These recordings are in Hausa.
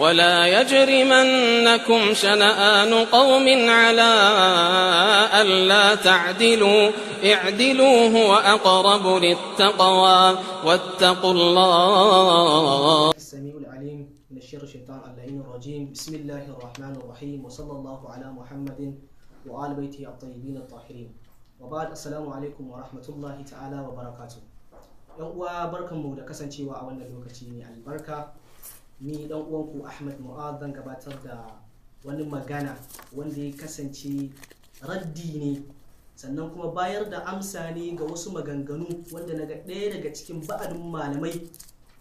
ولا يجرمنكم شنآن قوم على ألا تعدلوا اعدلوا هو أقرب للتقوى واتقوا الله السميع العليم من الشر الشيطان اللعين الرجيم بسم الله الرحمن الرحيم وصلى الله على محمد وآل بيته الطيبين الطاهرين وبعد السلام عليكم ورحمة الله تعالى وبركاته يوم uwa barkanmu كسنتي وعوانا a يعني البركة ni dan uwanku ahmad mu'ad zan gabatar da wani magana wanda ya kasance raddi ne sannan kuma bayar da amsa ne ga wasu maganganu wanda naga ɗaya daga cikin ba'adin malamai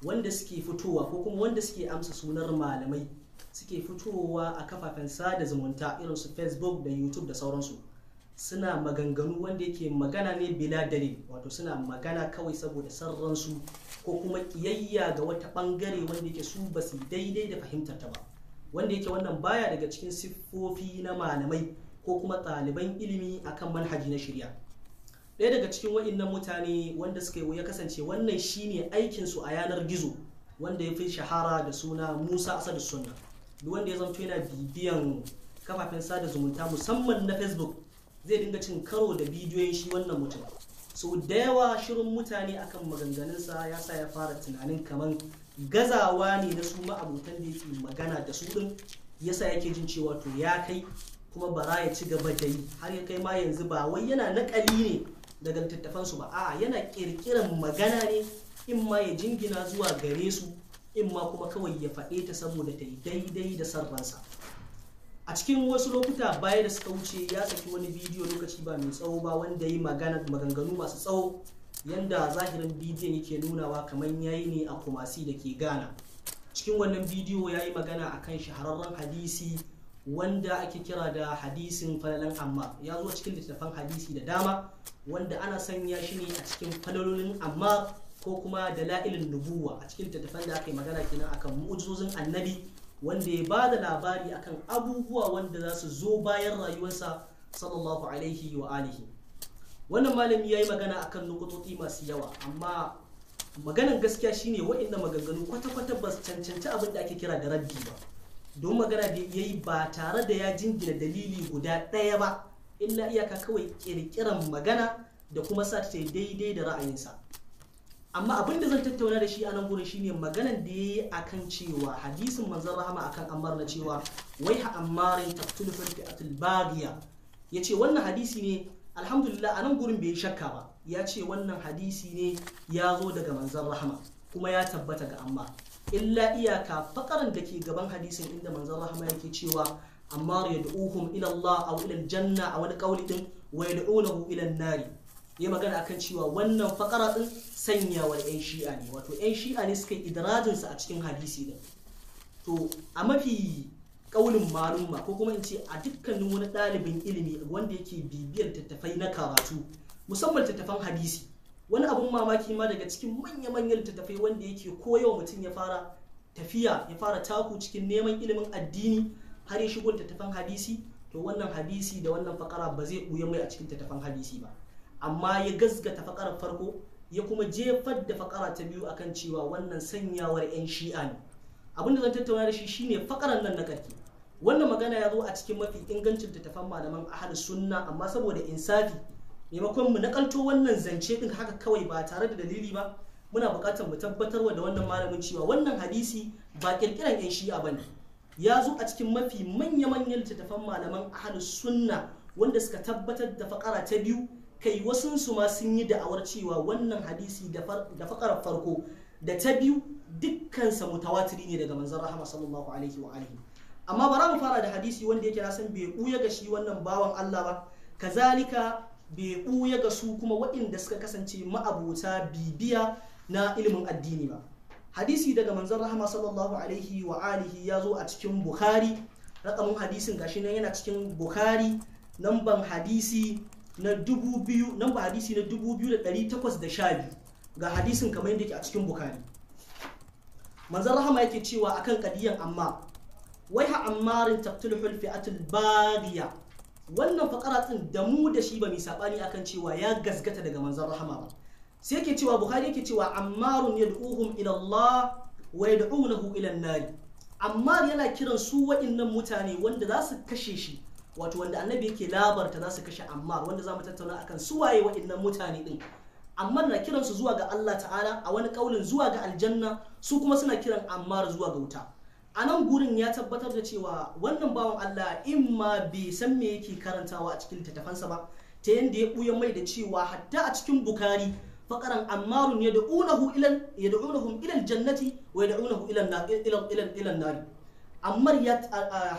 wanda suke fitowa ko kuma wanda suke amsa sunar malamai suke fitowa a kafafen sada zumunta irin su facebook da youtube da sauransu suna maganganu wanda yake magana ne bila dalil wato suna magana kawai saboda sarransu ko kuma kiyayya ga wata bangare wanda yake su ba su daidai da fahimtar ta ba wanda yake wannan baya daga cikin siffofi na malamai ko kuma ɗaliban ilimi akan manhaji na shirya ɗaya daga cikin wa'innan mutane wanda suka yi ya kasance wannan shine aikinsu a yanar gizo wanda ya fi shahara da suna musa asadu sunna duk wanda ya zama yana bibiyan kafafen sada zumunta musamman na facebook zai dinga cin karo da bidiyoyin shi wannan mutum so da yawa shirin mutane akan maganganunsa ya sa ya fara tunanin kamar gazawa ne na su ma'abotan da yake magana da su din ya sa yake jin cewa to ya kai kuma bara ya ci gaba da yi har ya kai ma yanzu ba wai yana nakali ne daga littattafansu ba a yana kirkiran magana ne in ma ya jingina zuwa gare su in ma kuma kawai ya faɗe ta saboda ta yi daidai da sarransa. a cikin wasu lokuta baya da suka wuce ya saki wani bidiyo lokaci ba mai tsawo ba wanda ya yi maganganu masu tsawo yanda zahirin bidiyon yake nunawa kamar yayi ne a kumasi da ke gana cikin wannan bidiyo ya yi magana a kan shahararren hadisi wanda ake kira da hadisin falalan amma ya zo cikin littattafan hadisi da dama wanda ana sanya shi ne a cikin falalolin amma ko kuma dala'ilin nubuwa a cikin littattafan da aka yi magana kenan akan mu'ujizozin annabi wanda ya ba da labari akan abubuwa wanda za su zo bayan rayuwarsa sallallahu alaihi wa alihi wannan malami ya yi magana akan nukutoci masu yawa amma maganan gaskiya shine waɗanda maganganu kwata-kwata ba su cancanci abin da ake kira da rabbi ba don magana da ya yi ba tare da ya jingina dalili guda ɗaya ba illa iyaka kawai ƙirƙiran magana da kuma sa ta daidai da ra'ayinsa amma abin da zan tattauna da shi a nan gurin ne maganan da yayi akan cewa hadisin manzon rahama akan ammar na cewa wai ha ammarin a firqatul baghiya yace wannan hadisi ne alhamdulillah a nan gurin bai shakka ba ya ce wannan hadisi ne ya zo daga manzon rahama kuma ya tabbata ga amma illa iyaka fakaran da ke gaban hadisin inda manzon rahama yake cewa ammar yad'uhum ila Allah aw ila janna a wani kauli wai wa yad'unahu ila nari ya magana kan cewa wannan fakara din sanyawar yan shi'a ne wato yan shi'a ne suka yi su a cikin hadisi din to a mafi kaulin malumma ko kuma in ce a dukkanin wani ɗalibin ilimi wanda yake bibiyar tattafai na karatu musamman tattafan hadisi wani abun mamaki ma daga cikin manya-manyan tattafai wanda yake koyawa mutum ya fara tafiya ya fara taku cikin neman ilimin addini har ya shigo tattafan hadisi to wannan hadisi da wannan fakara ba zai ɓuya mai a cikin tattafan hadisi ba amma ya gaskata fakarar farko ya kuma jefar da fakara ta biyu akan cewa wannan sanyawar 'yan shi'a ne abin da zan tattauna da shi shine fakarar nan na karki wannan magana ya zo a cikin mafi ingancin tattafan malaman ahal sunna amma saboda insafi maimakon mu nakalto wannan zance din haka kawai ba tare da dalili ba muna buƙatar mu tabbatar da wannan malamin cewa wannan hadisi ba kirkiran 'yan shi'a bane ya zo a cikin mafi manya-manyan littattafan malaman ahal sunna wanda suka tabbatar da fakara ta biyu kai wasu su ma sun yi da'awar cewa wannan hadisi da fakar farko da ta biyu dukkansa mutawatiri ne daga manzon rahama sallallahu alaihi wa alihi amma bara mu fara da hadisi wanda yake na san bai buya ga shi wannan bawan Allah ba kazalika bai buya ga su kuma waɗanda suka kasance ma'abota bibiya na ilimin addini ba hadisi daga manzon rahama sallallahu alaihi wa alihi ya zo a cikin bukhari rakamin hadisin gashi nan yana cikin bukhari lamban hadisi na dubu biyu nan ba hadisi na dubu biyu da da takwas sha biyu ga hadisin kamar yadda ke a cikin bukari manzan rahama yake cewa akan kadiyan amma wai ha ammarin hulfi fi'atul baghiya wannan fakara tsin da mu da shi ba mai sabani akan cewa ya gasgata daga manzan rahama ba sai yake cewa bukhari yake cewa ammarun yad'uhum ila Allah wa yad'unahu ila an-nar ammar yana kiran su waɗannan mutane wanda za su kashe shi wato wanda annabi yake labarta za su kashe ammar wanda za mu tattauna akan suwaye waɗannan mutane din ammar na kiran su zuwa ga Allah ta'ala a wani kaulin zuwa ga aljanna su kuma suna kiran ammar zuwa ga wuta a nan gurin ya tabbatar da cewa wannan bawan Allah in ma bai san me yake karantawa a cikin littattafansa ba ta yanda ya buya mai da cewa hatta a cikin bukari faqaran ammarun yad'unahu ila yad'unahum ilal jannati wa yad'unahu ila ilal nari amma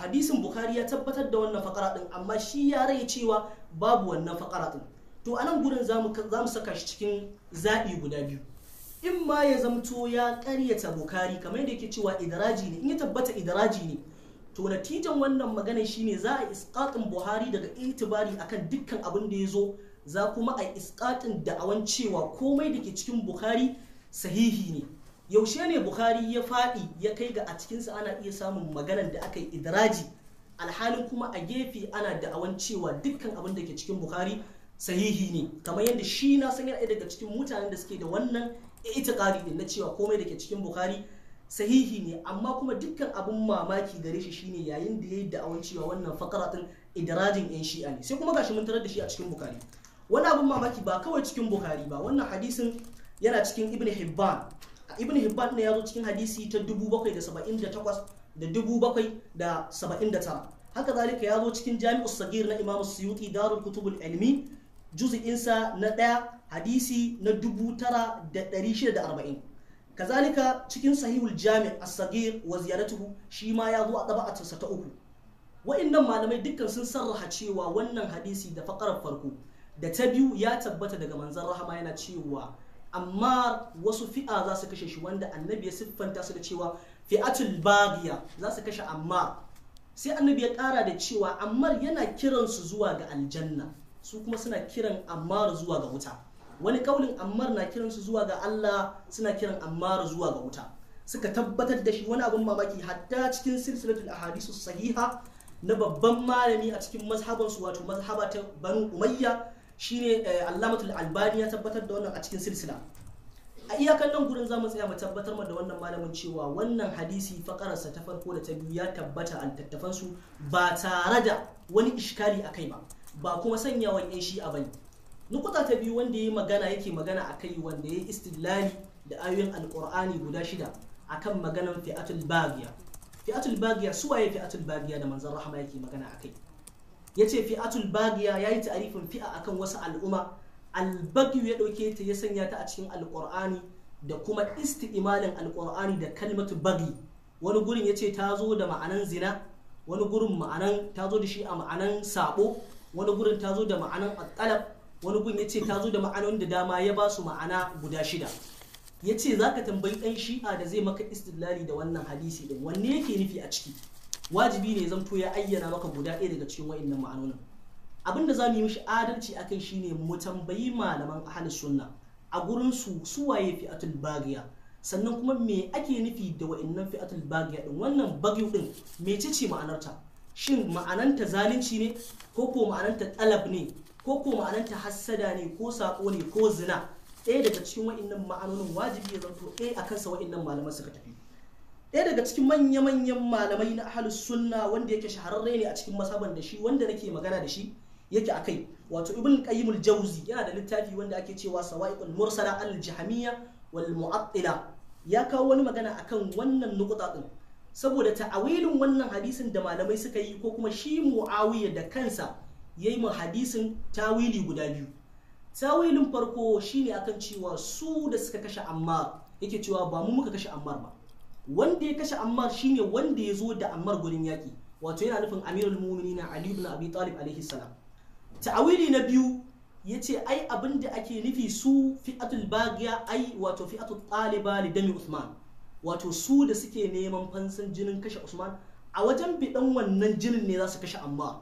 hadisin bukhari ya tabbatar da wannan fakara din amma shi ya rai cewa babu wannan fakara din to anan gurin za mu saka shi cikin zabi guda biyu in ma ya zamto ya karyata bukhari kamar yadda yake cewa idaraji ne in ya tabbata idraji ne to natijan wannan magana shine za a isqatin buhari daga itibari akan dukkan abin da ya zo za kuma a isqatin da'awan cewa komai da ke cikin bukhari sahihi ne yaushe ne bukhari ya faɗi ya kai ga a cikinsa ana iya samun maganar da aka yi idiraji alhalin kuma a gefe ana da'awan cewa dukkan abin da ke cikin bukhari sahihi ne kamar yadda shi na san yana daga cikin mutanen da suke da wannan itikari din na cewa komai da ke cikin bukhari sahihi ne amma kuma dukkan abin mamaki gare shi shine yayin da yayi da'awan cewa wannan fakara din idirajin yan shi'a ne sai kuma gashi mun tarar da shi a cikin bukhari wani abin mamaki ba kawai cikin bukhari ba wannan hadisin yana cikin ibn hibban ibn hibban ne ya zo cikin hadisi ta 778 da 779 haka zalika ya zo cikin jami'us sagir na imam suyuti darul kutubul ilmi juz'insa na ɗaya hadisi na 9640 kazalika cikin sahihul jami' as-sagir wa ziyaratuhu shi ma ya zo a ɗaba'atarsa ta uku wa'annan malamai dukkan sun sarraha cewa wannan hadisi da faƙarar farko da ta biyu ya tabbata daga manzon rahama yana cewa amma wasu fi'a za su kashe shi wanda annabi ya siffanta su da cewa fi'atul baghiya za su kashe Amma. sai annabi ya ƙara da cewa ammar yana kiran su zuwa ga aljanna su kuma suna kiran ammar zuwa ga wuta wani kaulin ammar na kiran su zuwa ga Allah suna kiran ammar zuwa ga wuta suka tabbatar da shi wani abin mamaki hatta cikin silsilatul ahadisu sahiha na babban malami a cikin mazhabansu wato mazhabatan ta banu umayya shine eh, allamatul albani ya tabbatar da wannan a cikin silsila a iyakan nan gurin zamu tsaya mu tabbatar da wannan malamin cewa wannan hadisi fakararsa ta farko da ta biyu ya tabbata a tattafan su ba tare da wani ishkali akai ba ba kuma sanyawan yan a bane nukuta ta biyu wanda yayi magana yake magana akai wanda ya yi istilali da ayoyin alqur'ani guda shida akan maganan fi'atul Bagiya fi'atul su suwaye fi'atul Bagiya da manzon rahama yake magana akai yace fi'atul bagiya yi ta'arifin fi'a akan wasu al'umma albagiyu ya dauke ta ya sanya ta a cikin alqur'ani da kuma isti'malin alqur'ani da kalmatu bagi wani gurin yace ta zo da ma'anan zina wani gurin ma'anan ta zo da shi a ma'anan sabo wani gurin ta zo da ma'anan attalab wani gurin yace ta zo da ma'anan da dama ya ba su ma'ana guda shida yace zaka tambayi ɗan shi'a da zai maka istidlali da wannan hadisi ɗin wanne yake nufi a ciki wajibi ne zanto ya ayyana maka guda ɗaya daga cikin wa'annan ma'anonin abin da za mu yi mishi adalci a kai shine mu tambayi malaman ahalus sunna a gurin su waye fi'atul bagiya sannan kuma me ake nufi da wa'annan fi'atul bagiya din wannan bagiyu din ce ma'anarta shin ma'ananta zalunci ne ko ko ma'ananta talab ne ko ko ma'ananta hassada ne ko saƙo ne ko zina ɗaya daga cikin wa'annan ma'anonin wajibi ya zanto ɗaya a kansa wa'annan malaman suka tafi ɗaya daga cikin manya-manyan malamai na ahalus sunna wanda yake shahararre ne a cikin masaban da shi wanda nake magana da shi yake akai wato ibn qayyim al-jawzi yana da littafi wanda ake cewa sawa'iqul mursala al-jahmiyya wal mu'attila ya kawo wani magana akan wannan nukuta din saboda ta'awilin wannan hadisin da malamai suka yi ko kuma shi muawiya da kansa yayi mu hadisin tawili guda biyu tawilin farko shine akan cewa su da suka kashe amma yake cewa ba mu muka kashe ammar ba wanda ya kashe ammar shine wanda ya zo da ammar gurin yaki wato yana nufin amirul Aliyu ali ibn abi talib alaihi salam ta'awili na biyu yace ai abin da ake nufi su fi'atul baghiya ai wato fi'atul taliba li dami usman wato su da suke neman fansan jinin kashe usman a wajen bidan wannan jinin ne za su kashe ammar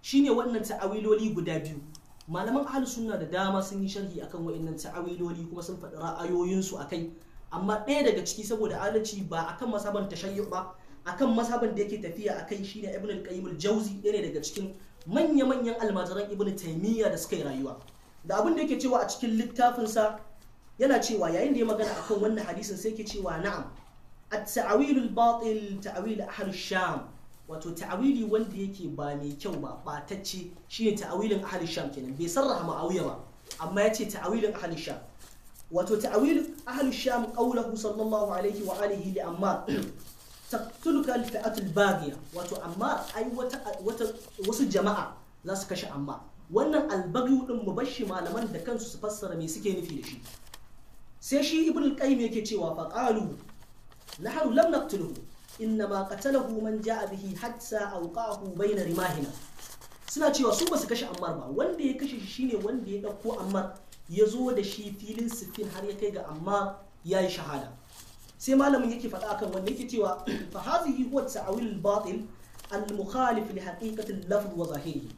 shine wannan ta'awiloli guda biyu malaman ahlus sunna da dama sun yi sharhi akan wa'annan ta'awiloli kuma sun faɗi ra'ayoyinsu akai amma ɗaya daga ciki saboda adalci ba akan masaban tashayyu ba akan masaban da yake tafiya akai shine ibn al-qayyim al-jawzi ɗaya daga cikin manya-manyan almajiran ibn taymiya da suka yi rayuwa da abin da yake cewa a cikin littafin sa yana cewa yayin da ya magana akan wannan hadisin sai yake cewa na'am at-ta'wil al-batil ta'wil ahli sham wato ta'wili wanda yake ba mai kyau ba batacce shine ta'wilin ahli sham kenan bai sarraha ma'awiya ba amma yace ta'wilin ahli sham wato ta'awilu ahli sham qawluhu sallallahu alaihi wa alihi li ammar taqtuluka al wato amma ai wasu jama'a za su kashe amma wannan al ɗin din mubashi malaman da kansu su fassara mai suke nufi da shi sai shi ibn al-qayyim yake cewa fa qalu nahnu lam naqtuluhu innama qatalahu man ja'a bihi hatta awqahu bayna rimahina suna cewa su basu kashe ammar ba wanda ya kashe shi shine wanda ya dauko ammar ya zo da shi filin sifin har ya kai ga amma ya yi shahada sai malamin yake faɗa akan wanda yake cewa fa hazihi huwa ta'wil batil al-mukhalif li haqiqati al-lafz wa zahiri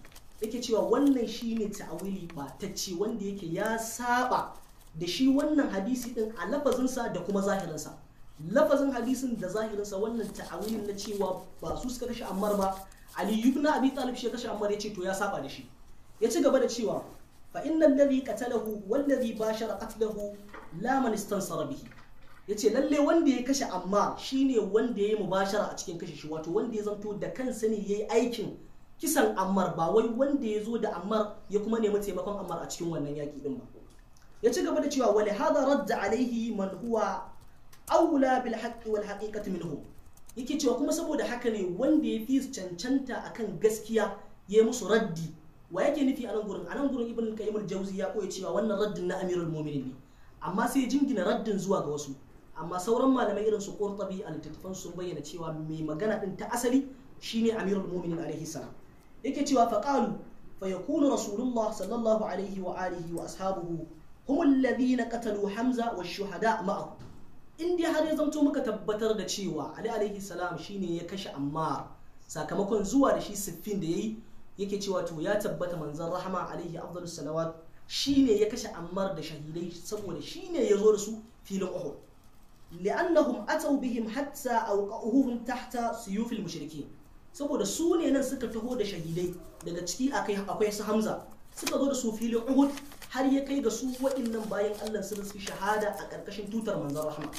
yake cewa wannan shine ta'awili batacce wanda yake ya saba da shi wannan hadisi din a lafazinsa da kuma zahirinsa lafazin hadisin da zahirinsa wannan ta'awilin na cewa ba su suka kashe ammar ba ali ibn abi talib shi kashe ammar yace to ya saba da shi ya ci gaba da cewa fa innal ladhi qatalahu wal ladhi bashara qatlahu la man yace lalle wanda ya kashe amma shine wanda ya yi mubashara a cikin kashe shi wato wanda ya zanto da kansa ne yayi aikin kisan ammar ba wai wanda ya zo da ammar ya kuma nemi taimakon ammar a cikin wannan yaki din ba ya ci gaba da cewa wali hada radda alaihi man huwa aula bil haqqi wal haqiqati minhu yake cewa kuma saboda haka ne wanda ya fi cancanta akan gaskiya ya yi musu raddi wa yake nufi a nan gurin a nan gurin ibn al jauzi ya koyi cewa wannan raddin na amirul mu'minin ne amma sai jingina raddin zuwa ga wasu amma sauran malamai irin su qurtubi a littattafan sun bayyana cewa mai magana din ta asali shine amirul mu'minin alaihi salam yake cewa fa fa yakunu rasulullah sallallahu alaihi wa alihi wa ashabuhu hum alladhina qatalu hamza wa shuhada ma'ahu in dai har ya zanto muka tabbatar da cewa ali alaihi salam shine ya kashe amma sakamakon zuwa da shi siffin da yayi yake cewa to ya tabbata manzon rahama alaihi afdalus shi ne ya kashe ammar da shahidai saboda shine ya zo da su filin uhud li'annahum ataw bihim hatta awqa'uhum tahta siyo al-mushrikeen saboda su ne nan suka taho da shahidai daga ciki akwai su hamza suka zo da su filin uhud har ya kai ga su waɗannan bayan allah sun riski shahada a ƙarƙashin tutar manzon rahama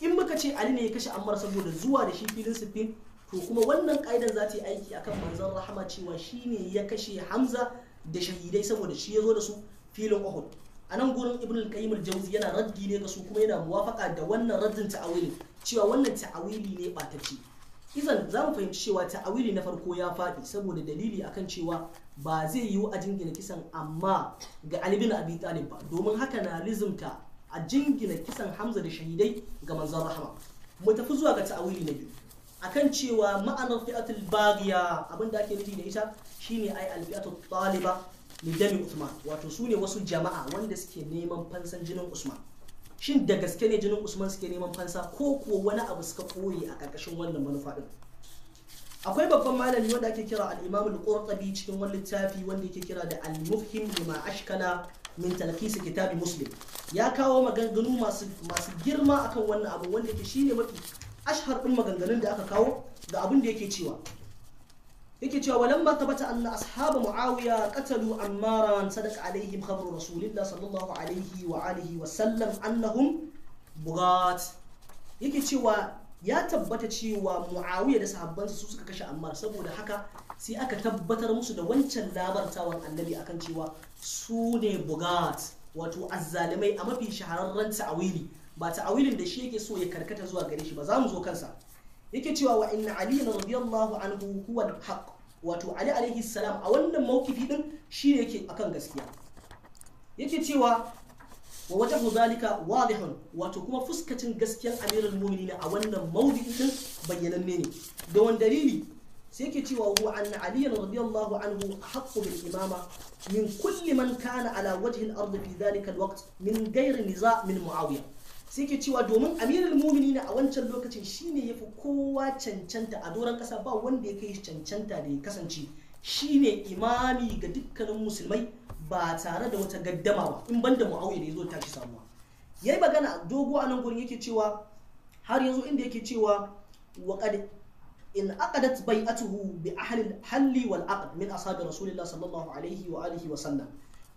in baka ce ali ne ya kashe ammar saboda zuwa da shi filin siffin to kuma wannan ƙa'idar za ta yi aiki akan manzon rahama cewa shi ne ya kashe hamza da shahidai saboda shi ya zo da su filin uhud a nan gurin ibn al-qayyim jawzi yana raddi ne ga su kuma yana muwafaka da wannan raddin ta'awili cewa wannan ta'awili ne batacci izan za mu fahimci cewa ta'awili na farko ya faɗi saboda dalili akan cewa ba zai yiwu a jingina kisan amma ga ali bin abi talib ba domin haka na lizumta a jingina kisan hamza da shahidai ga manzon rahama mu tafi zuwa ga ta'awili na biyu akan cewa ma'anar fi'atul abin da ake nufi da ita shine ai alfi'atul taliba li dami usman wato sune wasu jama'a wanda suke neman fansan jinin usman shin da gaske ne jinin usman suke neman fansa ko kuwa wani abu suka koyi a karkashin wannan manufa din akwai babban malami wanda ake kira al-imam al-qurtubi cikin wani littafi wanda yake kira da al-mufhim lima ashkala min talqis kitabi muslim ya kawo maganganu masu masu girma akan wannan abu wanda yake shine mafi ashhar din maganganun da aka kawo ga abin da yake cewa yake cewa wa lamma tabata anna ashaba muawiya qatalu ammaran sadaqa alaihim khabru rasulillah sallallahu alaihi wa alihi wa sallam annahum bugat yake cewa ya tabbata cewa muawiya da sahabbansa su suka kashe ammar saboda haka sai aka tabbatar musu da wancan labartawan annabi akan cewa su ne bugat wato azzalimai a mafi shahararren ta'awili ba ta'awilin da shi yake so ya karkata zuwa gare shi ba za mu zo kansa yake cewa wa inna ali radiyallahu anhu huwa al-haq wato ali alaihi salam a wannan mawkifi din shi yake akan gaskiya yake cewa wa wajhu zalika wadihun wato kuma fuskacin gaskiyar amirul mu'minin a wannan mawdi'in din bayyananne ne da wani dalili sai yake cewa huwa anna ali radiyallahu anhu haqqu bil imama min kulli man kana ala wajhi al-ard fi dhalika al-waqt min ghairi niza' min muawiya sai ke cewa domin amirul mumini a wancan lokacin shine ya fi kowa cancanta a doron kasa ba wanda ya kai cancanta da ya kasance shine imami ga dukkanin musulmai ba tare da wata gaddama ba in banda muawiya da ya zo ta shi samuwa yayi magana dogo a nan gurin yake cewa har yanzu inda yake cewa wa in aqadat bai'atuhu bi ahli al-halli wal aqd min ashabi rasulillahi sallallahu alaihi wa wa sallam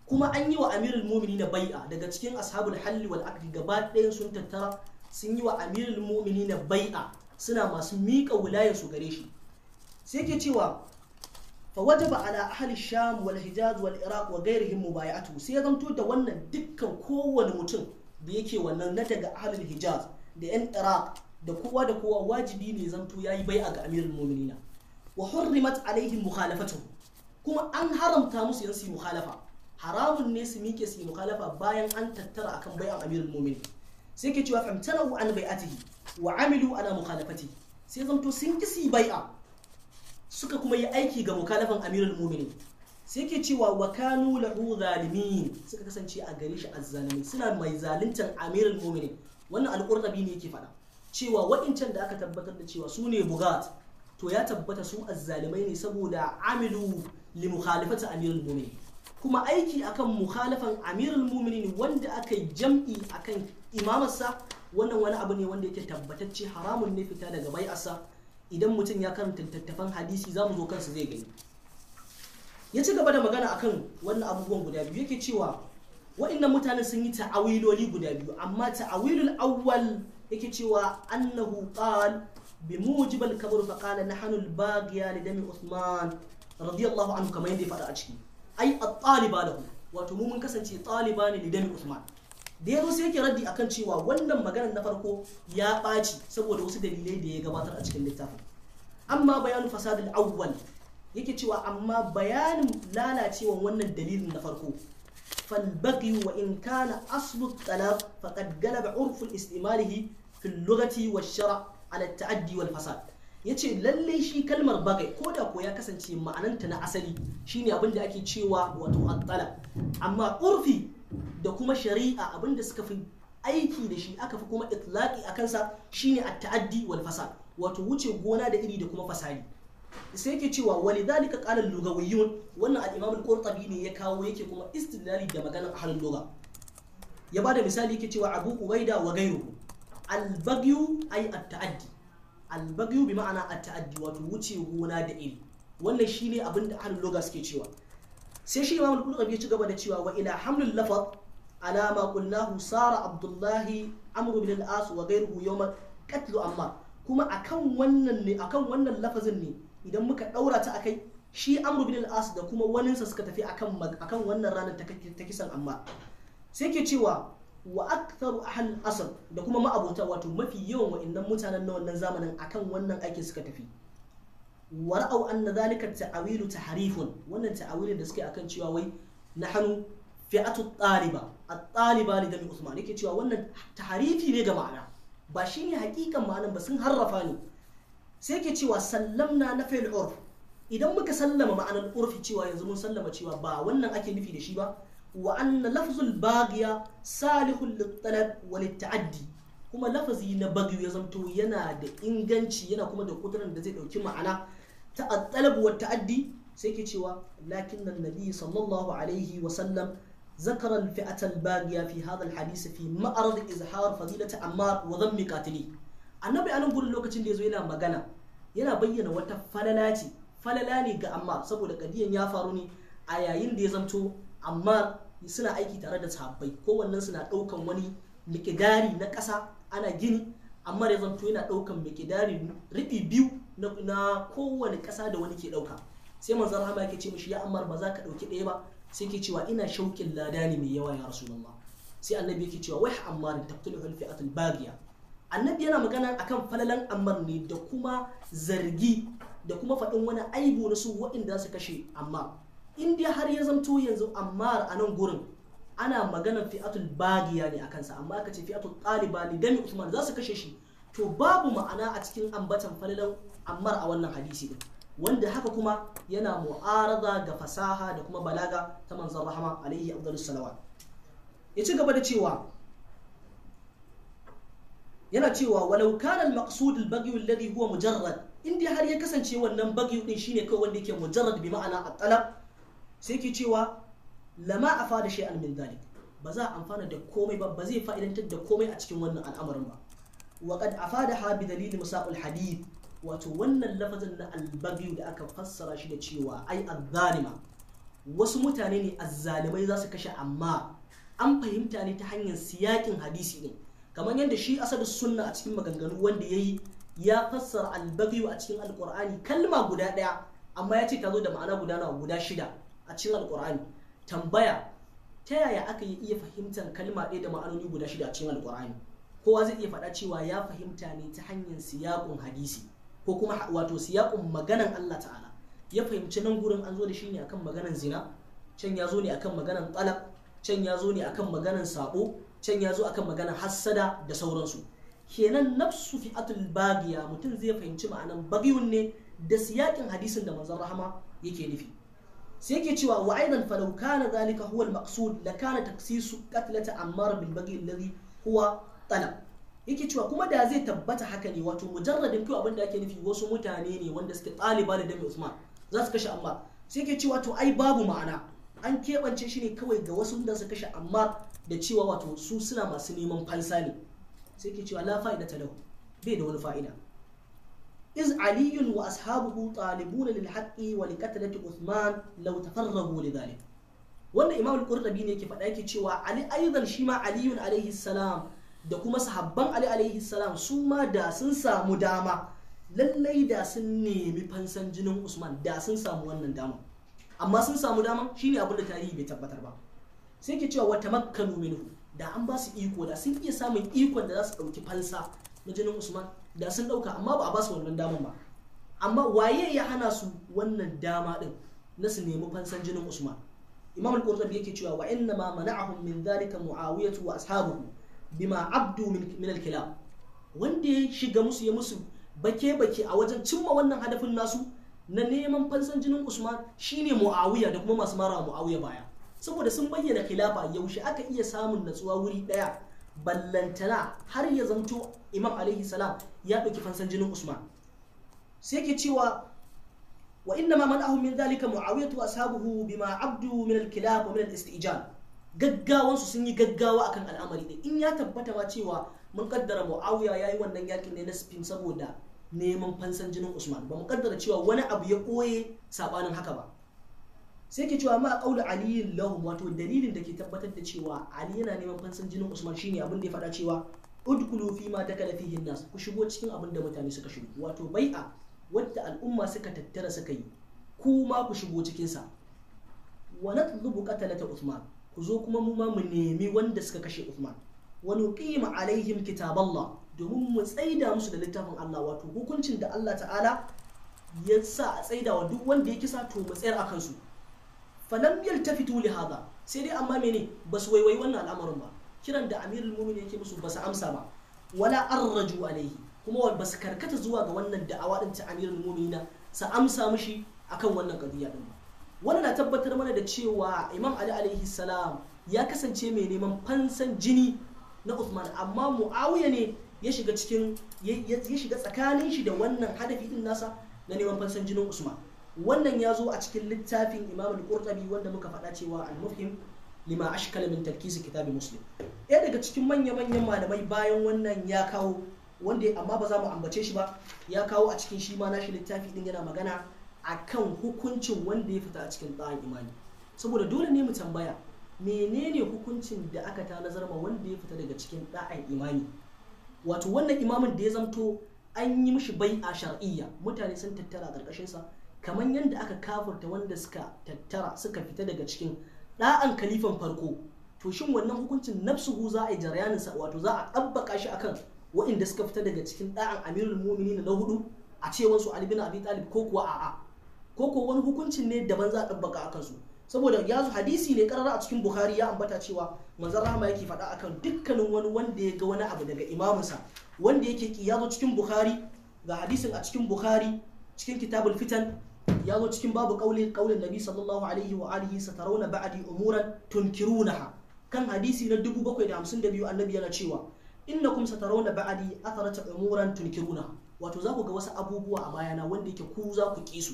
kuma an yi wa amirul mumini na bai'a daga cikin ashabul halli wal akdi gaba ɗayan sun tattara sun yi wa amirul mumini na bai'a suna masu miƙa wilayar su gare shi sai ke cewa fa wajaba ala ahli sham wal hijaz wal iraq wa ghairihim mubayatu sai ya zanto da wannan dukkan kowane mutum da yake wannan na daga ahlul hijaz da yan iraq da kowa da kowa wajibi ne zanto yayi bai'a ga amirul muminina wa hurrimat alaihim mukhalafatuhu kuma an haramta musu yan su mukhalafa haramun ne su miƙe su yi mukhalafa bayan an tattara akan bai'an amirul mu'minin sai ke cewa famtana'u an bai'atihi wa amilu ala mukhalafati sai zamto sun kisi bai'a suka kuma yi aiki ga mukhalafan amirul mu'minin sai ke cewa wa kanu lahu zalimin suka kasance a gare shi azzalimi suna mai zaluntar amirul mu'minin wannan alƙurɗabi ne yake faɗa cewa waɗancan da aka tabbatar da cewa su ne bugat to ya tabbata su azzalimai ne saboda amilu li mukhalafati amirul mu'minin kuma aiki akan mukhalafan amirul muminin wanda aka jam'i akan imamarsa wannan wani abu ne wanda yake tabbatacce haramun ne fita daga bai'arsa idan mutum ya karanta tattafan hadisi za mu zo kansu zai gani ya ci gaba da magana akan wannan abubuwan guda biyu yake cewa wa'annan mutanen sun yi ta'awiloli guda biyu amma ta'awilul awwal yake cewa annahu qal bi mujibal kabr fa qala nahnu al baghiya li dami usman radiyallahu anhu kamar yadda ya faɗa a ciki ai at-taliba lahu wato mu mun kasance taliba ne lidami Usman da yazo sai yake raddi akan cewa wannan maganar na farko ya ɓaci saboda wasu dalilai da ya gabatar a cikin littafin amma bayanin fasadul awwal yake cewa amma bayanin lalacewan wannan dalilin na farko فالبقي وإن كان أصل الطلاق فقد غلب عرف استعماله في اللغة والشرع على التعدي والفساد ya ce lallai shi kalmar bagai ko da ko ya kasance ma'ananta na asali shine abin da ake cewa wato attala amma urfi da kuma shari'a abin da suka fi aiki da shi aka fi kuma itlaqi a kansa shine at-ta'addi wal fasad wato wuce gona da iri da kuma fasadi sai yake cewa walidhalika qala al-lughawiyyun wannan al-imam al ne ya kawo yake kuma istilali da maganar ahlul lugha ya bada misali yake cewa abu ubaida wa gairu al-baghyu ay taaddi albagyu bi ma'ana a ta'addi wato wuce gona da iri wannan shine abin da ahlul loga suke cewa sai shi imam qurtubi ya ci gaba da cewa wa ila hamlul lafaz ala ma qulnahu sara abdullahi amru bin al-as wa ghayruhu yawma qatlu amma kuma akan wannan ne akan lafazin ne idan muka daura ta akai shi amru bin al da kuma waninsa suka tafi akan akan wannan ranar ta kisan amma sai ke cewa wa aktharu ahal asr da kuma ma'abota wato mafi yawan wa'annan mutanen na wannan zamanin akan wannan aikin suka tafi wa ra'aw anna dhalika tawilu tahrifun wannan ta'awilin da suke akan cewa wai nahnu fi'atu taliba at-taliba li dami usman yake cewa wannan tahrifi ne ga ma'ana ba shine hakikan ma'anan ba sun harrafa ne sai yake cewa sallamna na fil urf idan muka sallama ma'anar urfi cewa yanzu mun sallama cewa ba wannan ake nufi da shi ba wa anna lafzul baghiya salihul litalab wa kuma lafazi na baghiyu ya zamto yana da inganci yana kuma da kudurin da zai ɗauki ma'ana ta at wa ta'addi sai ke cewa lakin annabi sallallahu alaihi wa sallam ذكر الفئة الباقية في هذا الحديث في معرض إزهار فضيلة عمار وذم قاتلي annabi anan gurin lokacin da ya zo yana magana yana bayyana wata falala ce falala ne ga amma saboda kadiyan ya faru ne a yayin da ya zamto amma. suna aiki tare da sahabbai kowannen suna ɗaukan wani mikidari na ƙasa ana gini amma ya zanto yana ɗaukan mikidari rufi biyu na kowane ƙasa da wani ke ɗauka sai manzon rahama yake ce mishi ya ammar ba za ka ɗauki ɗaya ba sai ke cewa ina shauƙin lada ne mai yawa ya rasulullah sai annabi yake cewa wai ammar taqtulu al fi'atul baghiya annabi yana magana akan falalan amar ne da kuma zargi da kuma faɗin wani aibu na su waɗanda za su kashe amma. Indiya har ya zamto yanzu amma a nan gurin ana maganar fi'atul bagiya ne a kansa amma aka ce fi'atul ɗaliba ne dami usman za su kashe shi to babu ma'ana a cikin ambatan falalan ammar a wannan hadisi din wanda haka kuma yana mu'arada ga fasaha da kuma balaga ta manzon rahama alaihi abdulus salawa ya ci gaba da cewa yana cewa walau kana al-maqsud al alladhi huwa mujarrad indai har ya kasance wannan bagyu din shine kawai wanda yake mujarrad bi ma'ana at-talab sai ke cewa lama a fada shi almin dalik ba za a amfana da komai ba ba zai fa'idantar da komai a cikin wannan al'amarin ba wa qad afada ha bi dalil musaqul hadith wato wannan lafazin na albagiyu da aka fassara shi da cewa ai azzalima wasu mutane ne azzalimai za su kashe amma an fahimta ne ta hanyar siyakin hadisi ne kamar yadda shi asadu sunna a cikin maganganu wanda yayi ya fassara albagiyu a cikin alqur'ani kalma guda daya amma ya ce ta zo da ma'ana guda na guda shida a cikin alkur'ani tambaya ta yaya aka yi iya fahimtar kalma ɗaya da ma'anoni guda shida a cikin alkur'ani kowa zai iya faɗa cewa ya fahimta ne ta hanyar siyaƙun hadisi ko kuma wato siyaƙun maganan Allah ta'ala ya fahimci nan gurin an zo da shi ne akan maganan zina can ya zo ne akan maganan talab can ya zo ne akan maganan sako can ya zo akan maganan hassada da sauransu kenan nafsu atul bagiya mutum zai fahimci ma'anan bagiyun ne da siyaƙin hadisin da manzon rahama yake nufi sai yake cewa wa aidan fa law kana zalika huwa al-maqsud la kana taksisu qatlata ammar bil baghi alladhi huwa talab yake cewa kuma da zai tabbata haka ne wato mujarradin kyau abinda ake nufi wasu mutane ne wanda suke taliba da dami Usman za su kashe Ammar sai yake cewa to ai babu ma'ana an keɓance shi ne kawai ga wasu da su kashe amma da cewa wato su suna masu neman fansa ne sai yake cewa la fa'ida talau bai da wani fa'ida iz aliyun wa ashabuhu ɗalibu na haqqi wa li qatlati usman law tafarragu li dhalik wannan imam al-qurtubi ne yake faɗa yake cewa ali aidan shima aliyu da kuma sahabban ali alaihi salam su ma da sun samu dama lallai da sun nemi fansan jinin usman da sun samu wannan dama amma sun samu dama shine abin da tarihi bai tabbatar ba sai ke cewa wata makkanu minhu da an ba su iko da sun iya samun ikon da za su ɗauki fansa na jinin usman da sun ɗauka amma ba a ba su wannan daman ba amma waye ya hana su wannan dama din na su nemi fansan jinin usman imam al-qurtubi yake cewa wa inna ma mana'ahum min dhalika muawiyatu wa ashabuhu bima abdu min al-kilab wanda ya shiga musu ya musu bake bake a wajen cimma wannan hadafin nasu na neman fansan jinin usman shine muawiya da kuma masu mara muawiya baya saboda sun bayyana khilafa yaushe aka iya samun natsuwa wuri daya ballantana har ya zanto. imam alaihi salam ya ɗauki fansan jinin usman sai ke cewa wa inna ma manahu min zalika muawiyatu ashabuhu bima abdu min al-kilab wa min al-istijal gaggawan sun yi gaggawa akan al'amari din in ya tabbata ma cewa mun kaddara muawiya yayi wannan yakin ne na spin saboda neman fansan jinin usman ba mu kaddara cewa wani abu ya koye sabanin haka ba sai ke cewa ma qaulu aliyun lahum wato dalilin da ke tabbatar da cewa ali yana neman fansan jinin usman shine abin da ya faɗa cewa udkulu fi ma takala fihi nas ku shigo cikin abin da mutane suka shigo wato bai'a wanda al'umma suka tattara suka yi ku ma ku shigo cikin sa wa natlubu qatalata usman ku zo kuma mu ma mu nemi wanda suka kashe usman wa nuqima alaihim kitaballah domin mu tsaida musu da littafin Allah wato hukuncin da Allah ta'ala ya sa a tsaida wa duk wanda ya kisa to mu tsayar akan su fa lam yaltafitu li hadha sai dai amma mene basu waiwai wannan al'amarin ba kiran da amirul mumin yake musu ba su amsa ba wala arraju alaihi kuma ba su karkata zuwa ga wannan da'awa din ta amirul mu'minin su amsa mishi akan wannan kadiya din wannan na tabbatar mana da cewa imam ali alaihi salam ya kasance mai neman fansan jini na Uthman amma Muawiya ne ya shiga cikin ya shiga tsakanin shi da wannan hadafi din nasa na neman fansan jinin Usman wannan ya zo a cikin littafin Imam al-Qurtubi wanda muka faɗa cewa al-Mufhim lima ashkala min talkisi kitabi muslim ɗaya daga cikin manya-manyan malamai bayan wannan ya kawo wanda amma ba za mu ambace shi ba ya kawo a cikin shi ma nashi littafi din yana magana akan hukuncin wanda ya fita a cikin ɗayan imani saboda dole ne mu tambaya menene hukuncin da aka ta ma wanda ya fita daga cikin ɗa'an imani wato wannan imamin da ya zamto an yi mishi bai a shar'iyya mutane sun tattara ƙarƙashinsa kamar yadda aka kafurta wanda suka tattara suka fita daga cikin ɗa'an kalifan farko to shin wannan hukuncin nafsuhu za a yi jarayaninsa wato za a ɗabbaka shi akan waɗanda suka fita daga cikin ɗa'an amirul mumini na hudu a ce su albina abi talib ko kuwa a'a ko kuwa wani hukuncin ne daban za a ɗabbaka akan su saboda ya su hadisi ne karara a cikin bukhari ya ambata cewa manzan rahama yake faɗa akan dukkanin wani wanda ya ga wani abu daga imaminsa wanda yake ki cikin buhari ga hadisin a cikin buhari cikin kitabul fitan ya zo cikin babu kauli kaulin nabi sallallahu alaihi wa alihi satarawna ba'di umuran tunkirunaha kan hadisi na 752 annabi yana cewa innakum satarawna ba'di atharat umuran tunkirunaha wato za ku ga wasu abubuwa a bayana wanda yake ku za ku ki su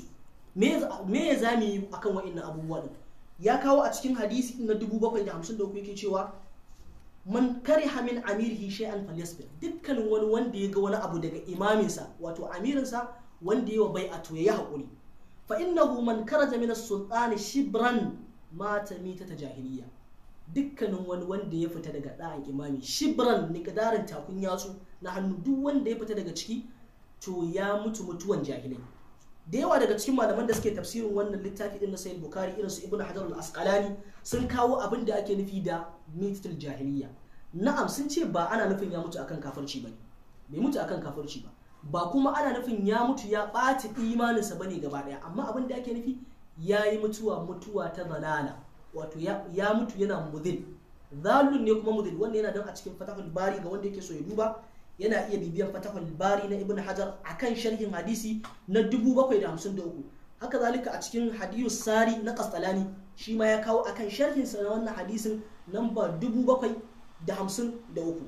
me ya zamu yi akan wa'annan abubuwa din ya kawo a cikin hadisi na 753 yake cewa man kariha min amirihi shay'an falyasbir dukkanin wani wanda ya ga wani abu daga imaminsa wato amirinsa wanda ya bai a to yayi haƙuri. fa innahu man karaja min as-sultani shibran mata mitata ta jahiliya dukkanin wani wanda ya fita daga ɗa'an imami shibran kadarin takun yatsu na hannu duk wanda ya fita daga ciki to ya mutu mutuwan jahilai da yawa daga cikin malaman da suke tafsirin wannan littafi din na sayyid bukari irin su Ibn hajar al-asqalani sun kawo abin da ake nufi da mitatul jahiliya na'am sun ce ba ana nufin ya mutu akan kafirci ba bai mutu akan kafirci ba ba kuma ana nufin ya mutu ya ɓata imaninsa ba ne gaba ɗaya amma abin da ake nufi ya yi mutuwa mutuwa ta zalala wato ya mutu yana mudil zalun ne kuma mudil wanda yana don a cikin fatahul bari ga wanda yake so ya duba yana iya bibiyan fatahul bari na ibn hajar akan sharhin hadisi na 753 haka zalika a cikin hadiyu sari na kastalani shi ma ya kawo akan sharhin sa na wannan hadisin namba 753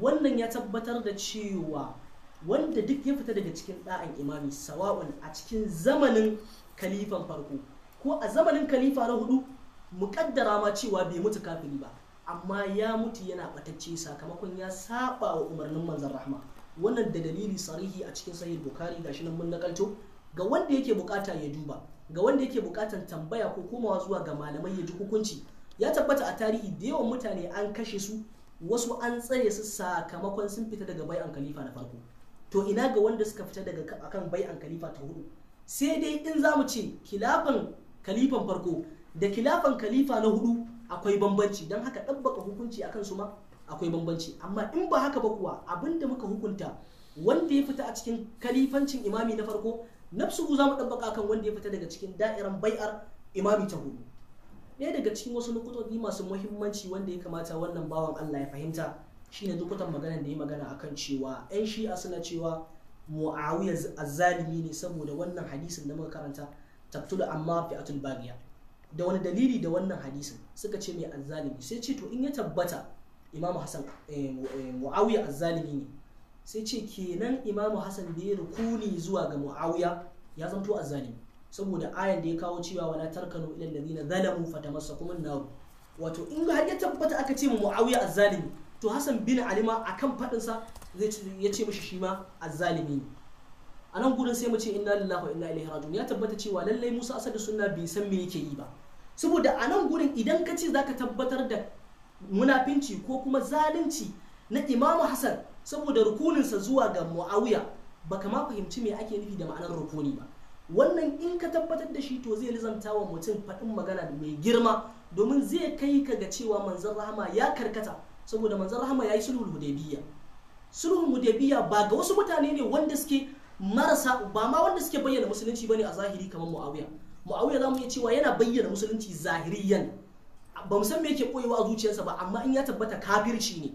wannan ya tabbatar da cewa wanda duk ya fita daga cikin da'an imami sawa'un a cikin zamanin kalifan farko ko a zamanin kalifa na hudu kaddara ma cewa bai mutu kafiri ba amma ya mutu yana batacce sakamakon ya saba wa umarnin manzan rahma wannan da dalili sarihi a cikin sahih bukari gashi nan mun nakalto ga wanda yake bukata ya duba ga wanda yake bukatan tambaya ko komawa zuwa ga malamai ya ji hukunci ya tabbata a tarihi da yawan mutane an kashe su wasu an tsare su sakamakon sun fita daga bai'an kalifa na farko to ina ga wanda suka fita daga akan bai'an kalifa ta hudu sai dai in za mu ce kilafan kalifan farko da kilafan kalifa na hudu akwai bambanci don haka ɗabbaka hukunci akan su ma akwai bambanci amma in ba haka ba kuwa abin da muka hukunta wanda ya fita a cikin kalifancin imami na farko nafsu za mu ɗabbaka kan wanda ya fita daga cikin da'iran bai'ar imami ta hudu ɗaya daga cikin wasu lokutoci masu muhimmanci wanda ya kamata wannan bawan Allah ya fahimta shine duk maganar da ya magana akan cewa yan shi'a suna cewa muawiya azzalimi ne saboda wannan hadisin da muka karanta taqtulu amma fi'atul bagiya. da wani dalili da wannan hadisin suka ce mai azzalimi sai ce to in ya tabbata imamu hasan eh, eh, muawiya azzalimi ne sai ce kenan imamu hasan da ya rukuni zuwa ga muawiya ya zanto azzalimi saboda ayan da ya kawo cewa wala tarkanu ila alladhina zalamu fatamassakum nar wato in har ya tabbata aka ce muawiya azzalimi to Hassan bin Alima akan faɗinsa ya ce mashi shi ma zalimi ne a nan gudun sai mu ce inna lillahi wa inna ilaihi raji'un ya tabbata cewa lallai Musa asadu sunna bai san me yake yi ba saboda a nan gudun idan ka ce zaka tabbatar da munafinci ko kuma zalunci na imamu Hassan saboda rukuninsa zuwa ga Muawiya ka ma fahimci me ake nufi da ma'anar rukuni ba wannan in ka tabbatar da shi to zai lizanta wa mutum faɗin magana mai girma domin zai kai ka ga cewa manzon rahama ya karkata saboda manzan rahama yayi sulhul hudaybiya sulhul hudaybiya ba ga wasu mutane ne wanda suke marasa ba ma wanda suke bayyana musulunci bane a zahiri kamar muawiya muawiya zamu iya cewa yana bayyana musulunci zahiriyan ba san me yake koyewa a zuciyarsa ba amma in ya tabbata kafirci ne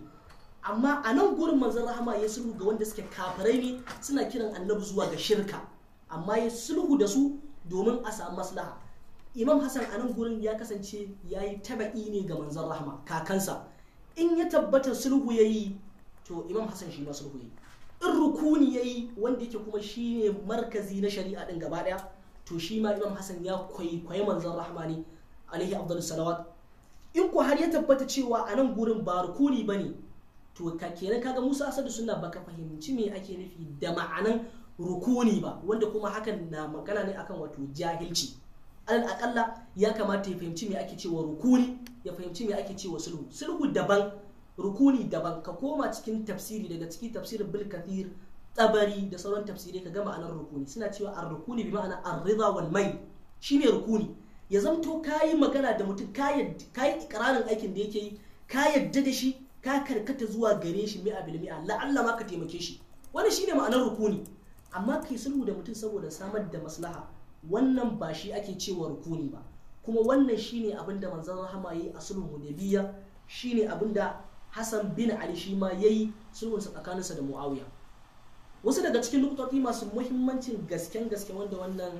amma a nan gurin manzan rahama ya sulhu ga wanda suke kafirai ne suna kiran annabi zuwa ga shirka amma ya sulhu da su domin a samu maslaha imam hassan a nan gurin ya kasance ya yi taba'i ne ga manzan rahama kakansa in ya tabbata sulhu ya yi to imam Hassan shi ma sulhu yi, in rukuni ya yi wanda yake kuma shi ne markazi na shari'a din gaba daya to shi ma imam Hassan ya kwaikwayi manzon rahmani alaihi afdalus salawat in ku har ya tabbata cewa a nan gurin ba rukuni ba ne, to ka kenan kaga musa asadu sunna baka fahimci me ake nufi da ma'anan rukuni ba wanda kuma hakan na magana ne akan wato jahilci alal akalla ya kamata ya fahimci me ake cewa rukuni ya fahimci me ake cewa sulhu sulhu daban rukuni daban ka koma cikin tafsiri daga cikin tafsirin bil kathir tabari da sauran tafsirai ka ga ma'anar rukuni suna cewa ar rukuni bi ma'ana ar ridha wal mai shine rukuni ya zamto kayi magana da mutum kayi kayi ikrarin aikin da yake yi ka yadda da shi ka karkata zuwa gare shi mi'a bil mi'a la'alla ma ka taimake shi wannan shine ma'anar rukuni amma kai sulhu da mutum saboda samar da maslaha wannan ba shi ake cewa rukuni ba kuma wannan shine abin da manzon rahama yayi a sulhun hudaybiya shine abin da Hassan bin Ali shi ma yayi sulhunsa tsakaninsa da Muawiya wasu daga cikin nukutoci masu muhimmancin gasken gaske wanda wannan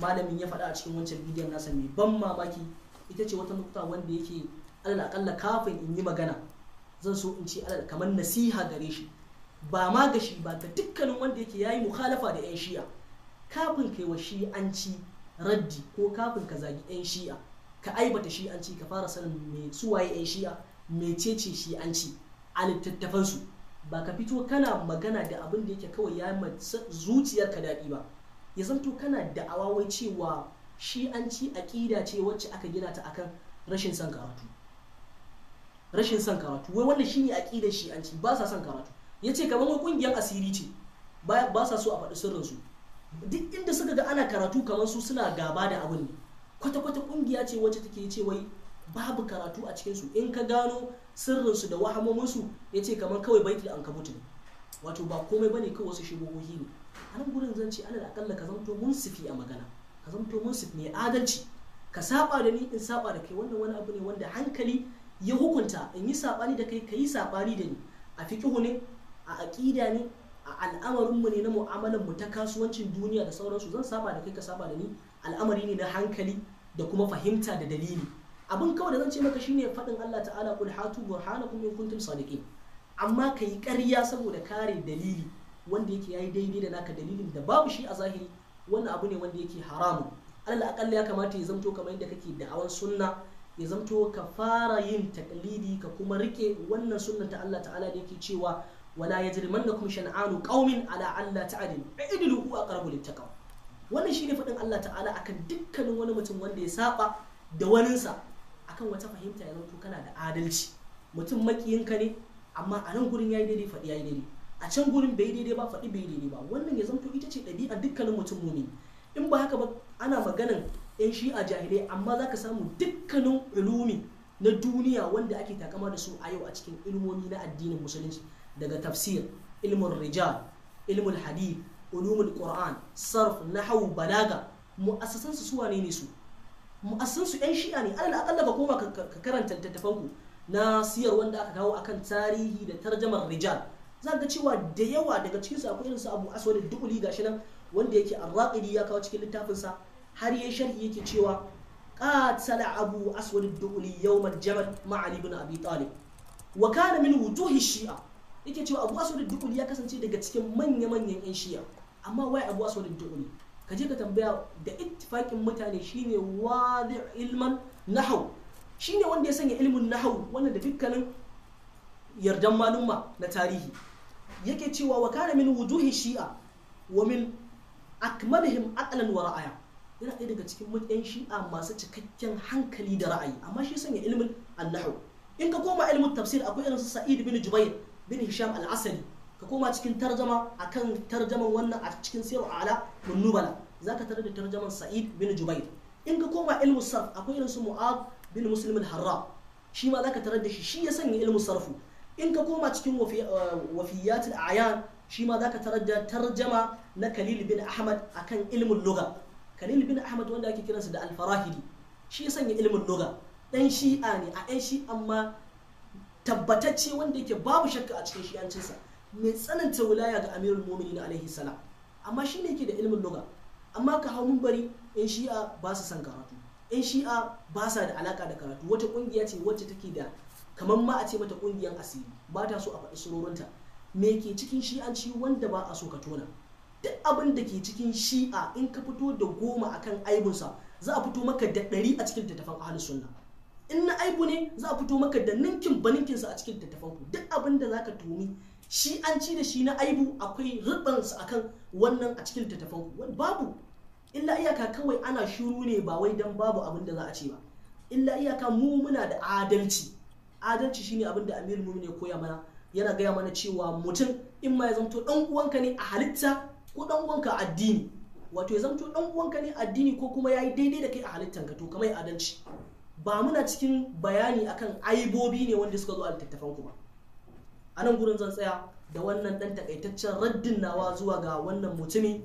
malamin ya faɗa a cikin wancan bidiyon nasa mai ban mamaki ita ce wata nukuta wanda yake alal akalla kafin in yi magana zan so in ce alal kamar nasiha gare shi ba ma ga ba ga dukkanin wanda yake yi mukhalafa da yan shi'a kafin kai wa shi'anci raddi ko kafin ka zagi 'yan shi'a ka aibata shi'anci ka fara sanin mai suwaye 'yan shi'a mecece shi'anci a littattafansu ba ka fito kana magana da abin da yake kawai ya zuciyar ka daɗi ba ya zanto kana da awawai cewa shi'anci aƙida ce wacce aka gina ta akan rashin son karatu rashin son karatu wai wannan shine aƙidar shi'anci ba sa son karatu ya ce kamar wai ƙungiyar asiri ce ba sa so a faɗi sirrinsu duk inda suka ga ana karatu kamar su suna gaba da abin kwata-kwata kungiya ce wacce take ce wai babu karatu a cikinsu in ka gano sirrinsu da wahamominsu ya ce kamar kawai baitul an mutu ne wato ba komai bane kawai wasu shigogohi ne a nan gurin zan ce alal akalla ka zamto sifi a magana ka zamto sifi mai adalci ka saba da ni in saba da kai wannan wani abu ne wanda hankali ya hukunta in yi sabani da kai ka yi sabani da ni a fiqhu ne a aƙida ne a al'amarinmu ne na mu'amalar mu ta kasuwancin duniya da sauransu zan saba da kai ka saba da ni al'amari ne na hankali da kuma fahimta da dalili abin kawai da zan ce maka shine faɗin Allah ta'ala kul hatu burhanakum in kuntum sadiqin amma kai ƙarya saboda kare dalili wanda yake yayi daidai da naka dalilin da babu shi a zahiri wannan abu ne wanda yake haramun alal aqalla ya kamata ya zamto kamar yadda kake da'awar sunna ya zamto ka fara yin taklidi ka kuma rike wannan sunnan ta Allah ta'ala da yake cewa wala yajrimannakum shan'anu qaumin ala alla ta'dilu i'dilu a karbu littaqwa wannan shine fadin Allah ta'ala akan dukkanin wani mutum wanda ya saba da waninsa akan wata fahimta ya zanto kana da adalci mutum ka ne amma a nan gurin yayi daidai faɗi yayi daidai a can gurin bai daidai ba faɗi bai daidai ba wannan ya zanto ita ce dabi'a dukkanin mutum mumin in ba haka ba ana maganan yan shi'a jahilai amma zaka samu dukkanin ulumi na duniya wanda ake takama da su a yau a cikin ilmomi na addinin musulunci daga tafsir ilmin rijal ilmin hadith ulumul qur'an sarf nahwu balaga mu'assasan su wane ne su mu'assasan su yan shi'a ne alal akalla ka koma ka karanta littattafan ku na siyar wanda aka kawo akan tarihi da tarjamar rijal za ga cewa da yawa daga cikin su akwai irin su Abu Aswad al gashi nan wanda yake Ar-Raqidi ya kawo cikin littafin sa har yayin sharhi yake cewa qatala Abu Aswad al-Du'li yawm al-Jamal ma'a Ibn Abi Talib wa kana min wujuhi shia yake cewa abu aswad dukuli ya kasance daga cikin manya-manyan yan shiya amma wai abu aswad dukuli ka je ka tambaya da ittifaqin mutane shine wadi ilman nahau shine wanda ya sanya ilmin nahau wanda da dukkanin yardan malumma na tarihi yake cewa wa kana min wujuhi shi'a wa min akmalihim aqlan wa ra'aya yana ɗaya daga cikin yan shi'a masu cikakken hankali da ra'ayi amma shi sanya ilmin annahu in ka koma ilmin tafsir akwai irin sa'id bin jubair bin hisham al asali ka koma cikin tarjama akan tarjaman wannan a cikin siru ala munubala zaka tarar da tarjaman sa'id bin jubair in ka koma ilmu sarf akwai irin su mu'ad bin muslim al-harra shi ma zaka da shi shi ya sanya ilmu sarfu in ka koma cikin uh, wafiyat al-ayan shi ma zaka tarar da tarjama na kalil bin ahmad akan ilmu lugha kalil bin ahmad wanda ake kiransa da al-farahidi shi ya sanya ilmin lugha dan shi'a ne a ɗan amma tabbatacce wanda yake babu shakka a cikin shi'ancinsa mai tsananta wilaya ga amirul mu'minin alaihi salam amma shi ne yake da ilimin loga amma ka hau bari yan shi'a ba su san karatu yan shi'a ba sa da alaka da karatu wata kungiya ce wacce take da kamar ma a ce mata kungiyan asiri ba ta so a faɗi surorinta me ke cikin shi'anci wanda ba a so ka tona duk abin da ke cikin shi'a in ka fito da goma akan aibinsa za a fito maka da ɗari a cikin tattafan ahalus sunna in na aibu ne za a fito maka da ninkin sa a cikin littattafan ku duk abin da zaka tuhumi shi an ci da shi na aibu akwai sa akan wannan a cikin littattafan ku babu illa iyaka kawai ana shiru ne ba wai dan babu abin da za a ce ba illa iyaka mu muna da adalci adalci shine abin da Amir Mumin ya koya mana yana gaya mana cewa mutum in ma ya zanto dan uwanka ne a halitta ko dan uwanka addini wato ya zanto dan uwanka ne addini ko kuma yayi daidai da kai a halittanka to kamar adalci ba muna cikin bayani akan aibobi ne wanda suka zo a littattafan ku ba a nan gurin zan tsaya da wannan dan takaitaccen raddin nawa zuwa ga wannan mutumi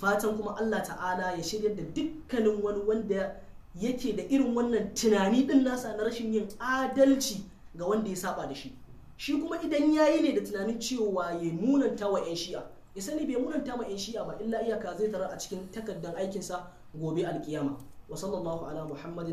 fatan kuma Allah ta'ala ya shirya da dukkanin wani wanda yake da irin wannan tunani din nasa na rashin yin adalci ga wanda ya saba da shi shi kuma idan yayi ne da tunanin cewa ya munanta wa 'yan shi'a ya sani bai munanta wa 'yan shi'a ba illa iyaka zai tarar a cikin takardar aikinsa gobe alkiyama wa sallallahu ala muhammadin